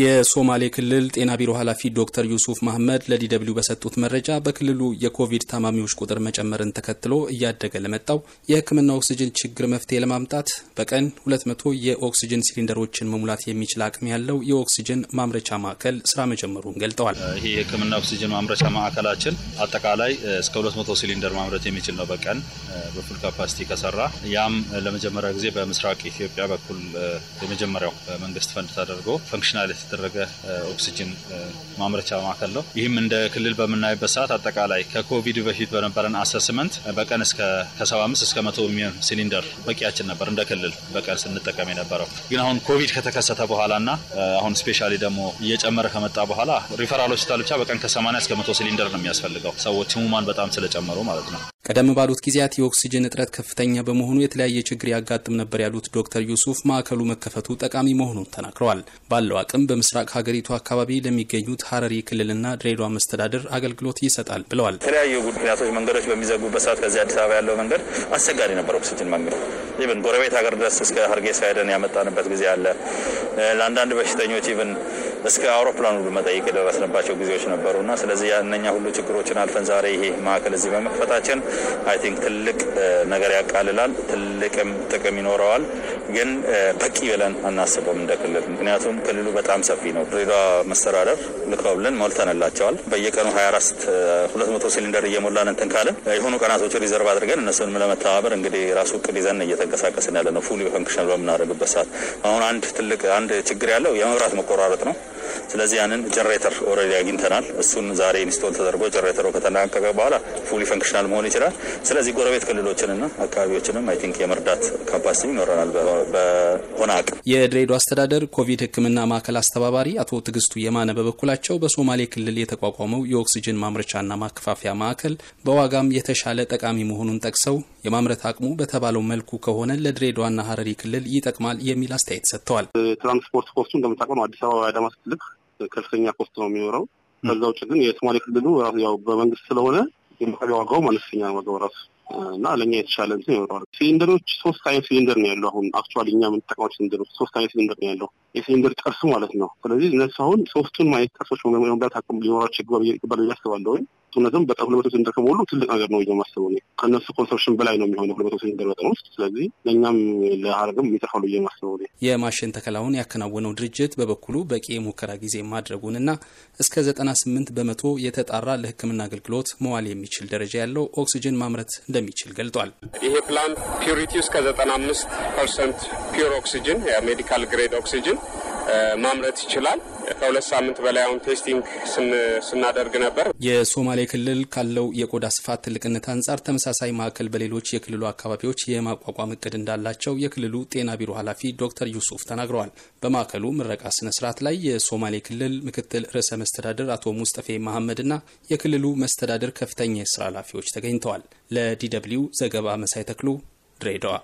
የሶማሌ ክልል ጤና ቢሮ ኃላፊ ዶክተር ዩሱፍ መሐመድ ለዲደብሊው በሰጡት መረጃ በክልሉ የኮቪድ ታማሚዎች ቁጥር መጨመርን ተከትሎ እያደገ ለመጣው የሕክምና ኦክስጅን ችግር መፍትሄ ለማምጣት በቀን 200 የኦክስጅን ሲሊንደሮችን መሙላት የሚችል አቅም ያለው የኦክስጅን ማምረቻ ማዕከል ስራ መጀመሩን ገልጠዋል። ይህ የሕክምና ኦክስጅን ማምረቻ ማዕከላችን አጠቃላይ እስከ 200 ሲሊንደር ማምረት የሚችል ነው በቀን በፉል ካፓሲቲ ከሰራ። ያም ለመጀመሪያ ጊዜ በምስራቅ ኢትዮጵያ በኩል የመጀመሪያው በመንግስት ፈንድ ተደርጎ ፈንክሽናል የተደረገ ኦክሲጅን ማምረቻ ማዕከል ነው። ይህም እንደ ክልል በምናይበት ሰዓት አጠቃላይ ከኮቪድ በፊት በነበረን አሰስመንት በቀን እስከ 75 እስከ 100 ሚሊዮን ሲሊንደር በቂያችን ነበር እንደ ክልል በቀን ስንጠቀም የነበረው። ግን አሁን ኮቪድ ከተከሰተ በኋላ እና አሁን ስፔሻሊ ደግሞ እየጨመረ ከመጣ በኋላ ሪፈራል ሆስፒታል ብቻ በቀን ከ80 እስከ 100 ሲሊንደር ነው የሚያስፈልገው ሰዎች ህሙማን በጣም ስለጨመሩ ማለት ነው። ቀደም ባሉት ጊዜያት የኦክሲጅን እጥረት ከፍተኛ በመሆኑ የተለያየ ችግር ያጋጥም ነበር ያሉት ዶክተር ዩሱፍ ማዕከሉ መከፈቱ ጠቃሚ መሆኑን ተናግረዋል። ባለው አቅም በምስራቅ ሀገሪቱ አካባቢ ለሚገኙት ሀረሪ ክልልና ድሬዳዋ መስተዳድር አገልግሎት ይሰጣል ብለዋል። የተለያዩ ምክንያቶች መንገዶች በሚዘጉበት ሰዓት ከዚህ አዲስ አበባ ያለው መንገድ አስቸጋሪ ነበር። ኦክሲጅን ማግኘት ኢቨን ጎረቤት ሀገር ድረስ እስከ ሀርጌሳ ሄደን ያመጣንበት ጊዜ አለ። ለአንዳንድ በሽተኞች ኢቨን እስከ አውሮፕላን ሁሉ መጠየቅ የደረስንባቸው ጊዜዎች ነበሩ እና ስለዚህ እነኛ ሁሉ ችግሮችን አልፈን ዛሬ ይሄ ማዕከል እዚህ በመክፈታችን አይ ቲንክ ትልቅ ነገር ያቃልላል፣ ትልቅም ጥቅም ይኖረዋል። ግን በቂ ብለን አናስበም እንደ ክልል። ምክንያቱም ክልሉ በጣም ሰፊ ነው። ድሬዳዋ መስተዳደር ልከውልን ሞልተንላቸዋል። በየቀኑ 24 200 ሲሊንደር እየሞላን እንትን ካልን የሆኑ ቀናቶች ሪዘርቭ አድርገን እነሱንም ለመተባበር እንግዲህ ራሱ እቅድ ይዘን እየተንቀሳቀስን ያለ ነው። ፉል ፈንክሽን በምናደርግበት ሰዓት አሁን አንድ ትልቅ አንድ ችግር ያለው የመብራት መቆራረጥ ነው። ስለዚህ ያንን ጀሬተር ኦልሬዲ አግኝተናል። እሱን ዛሬ ኢንስቶል ተደርጎ ጀሬተሩ ከተናቀቀ በኋላ ፉሊ ፈንክሽናል መሆን ይችላል። ስለዚህ ጎረቤት ክልሎችንና አካባቢዎችንም አይ ቲንክ የመርዳት ካፓሲቲ ይኖረናል በሆነ አቅም። የድሬዳዋ አስተዳደር ኮቪድ ሕክምና ማዕከል አስተባባሪ አቶ ትግስቱ የማነ በበኩላቸው በሶማሌ ክልል የተቋቋመው የኦክሲጅን ማምረቻና ማከፋፈያ ማዕከል በዋጋም የተሻለ ጠቃሚ መሆኑን ጠቅሰው የማምረት አቅሙ በተባለው መልኩ ከሆነ ለድሬዳዋና ሀረሪ ክልል ይጠቅማል የሚል አስተያየት ሰጥተዋል። ትራንስፖርት ኮስቱ እንደምታውቀው ነው አዲስ አበባ አዳማ ስትልክ ከፍተኛ ኮስት ነው የሚኖረው። ከዛ ውጭ ግን የሶማሌ ክልሉ ያው በመንግስት ስለሆነ የመቀቢያ ዋጋው አነስተኛ ዋጋው ራሱ እና ለእኛ የተሻለ እንትን ይኖረዋል። ሲሊንደሮች ሶስት አይነት ሲሊንደር ነው ያለው። አሁን አክቹዋሊ እኛ የምንጠቀማቸው ሲሊንደሮች ሶስት አይነት ሲሊንደር ነው ያለው የሲሊንደር ጥርሱ ማለት ነው። ስለዚህ እነሱ አሁን ሶስቱን ማየት ጠርሶች መምላት አቅም ሊኖራቸው ይገባል ያስባለሁ። ወይም እውነትም በጣም ሁለት መቶ ሴንት ከሞሉ ትልቅ ነገር ነው የማስበው ከእነሱ ኮንሶርሽን በላይ ነው የሚሆነው ሁለት መቶ ሴንት እንደርበጠ ውስጥ ስለዚህ ለእኛም ለሀረግም የሚጠፋሉ የማስበው የማሽን ተከላውን ያከናወነው ድርጅት በበኩሉ በቂ የሙከራ ጊዜ ማድረጉን እና እስከ ዘጠና ስምንት በመቶ የተጣራ ለህክምና አገልግሎት መዋል የሚችል ደረጃ ያለው ኦክሲጅን ማምረት እንደሚችል ገልጧል። ይሄ ፕላንት ፒሪቲ እስከ ዘጠና አምስት ፐርሰንት ፒር ኦክሲጅን የሜዲካል ግሬድ ኦክሲጅን ማምረት ይችላል። ከሁለት ሳምንት በላይ አሁን ቴስቲንግ ስናደርግ ነበር። የሶማሌ ክልል ካለው የቆዳ ስፋት ትልቅነት አንጻር ተመሳሳይ ማዕከል በሌሎች የክልሉ አካባቢዎች የማቋቋም እቅድ እንዳላቸው የክልሉ ጤና ቢሮ ኃላፊ ዶክተር ዩሱፍ ተናግረዋል። በማዕከሉ ምረቃ ስነ ስርዓት ላይ የሶማሌ ክልል ምክትል ርዕሰ መስተዳድር አቶ ሙስጠፌ መሐመድና የክልሉ መስተዳድር ከፍተኛ የስራ ኃላፊዎች ተገኝተዋል። ለዲ ደብልዩ ዘገባ መሳይ ተክሉ ድሬዳዋ